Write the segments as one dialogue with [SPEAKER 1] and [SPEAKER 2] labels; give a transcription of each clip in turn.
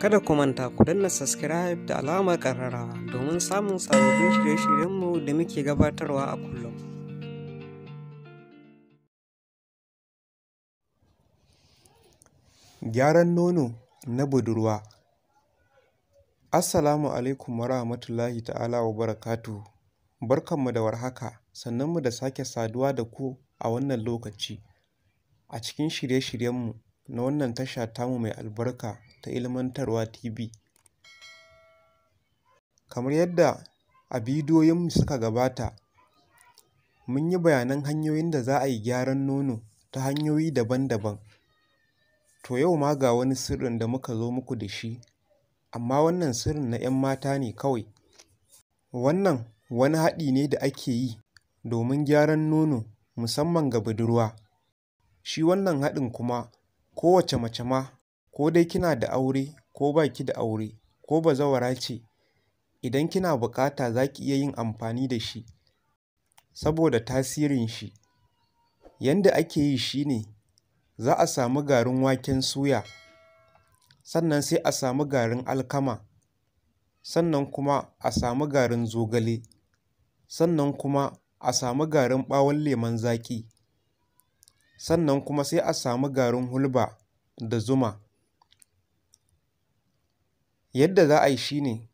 [SPEAKER 1] Kada ku manta ku danna subscribe da alamar ƙararrawa domin samun sababbin shirye-shiryenmu da muke gabatarwa a kullum.
[SPEAKER 2] Gyaran nono na budurwa Assalamu alaikum wa rahmatullahi ta'ala wa barakatu. Barkanmu da warhaka, sannanmu da sake saduwa da ku a wannan lokaci. A cikin shirye-shiryenmu na wannan tasha tamu mai albarka ta ilmantarwa TV. Kamar yadda a bidiyoyinmu suka gabata, mun yi bayanan hanyoyin da za a yi gyaran nono ta hanyoyi daban-daban. To yau ma ga wani sirrin da muka zo muku da shi, amma wannan sirrin na 'yan mata ne kawai. Wannan wani haɗi ne da ake yi domin gyaran nono musamman ga budurwa. Shi wannan haɗin kuma kowace mace ma ko dai kina da aure ko ba ki da aure, ko bazawara ce, idan kina buƙata za ki iya yin amfani da shi saboda tasirin shi. Yanda ake yi shi ne, za a samu garin waken suya, sannan sai a samu garin alkama, sannan kuma a samu garin zogale, sannan kuma a samu garin ɓawon lemon zaki, sannan kuma sai a samu garin hulba da zuma. Yadda za a yi shi ne,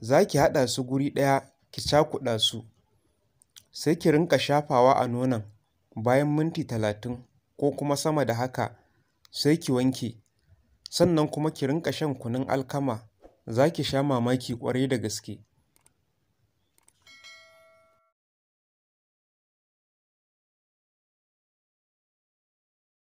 [SPEAKER 2] za ki haɗa su guri ɗaya ki cakuɗa su, sai ki rinƙa shafawa a nonon bayan minti talatin ko kuma sama da haka sai ki wanke, sannan kuma ki rinƙa shan kunun alkama za ki sha mamaki ƙwarai da gaske.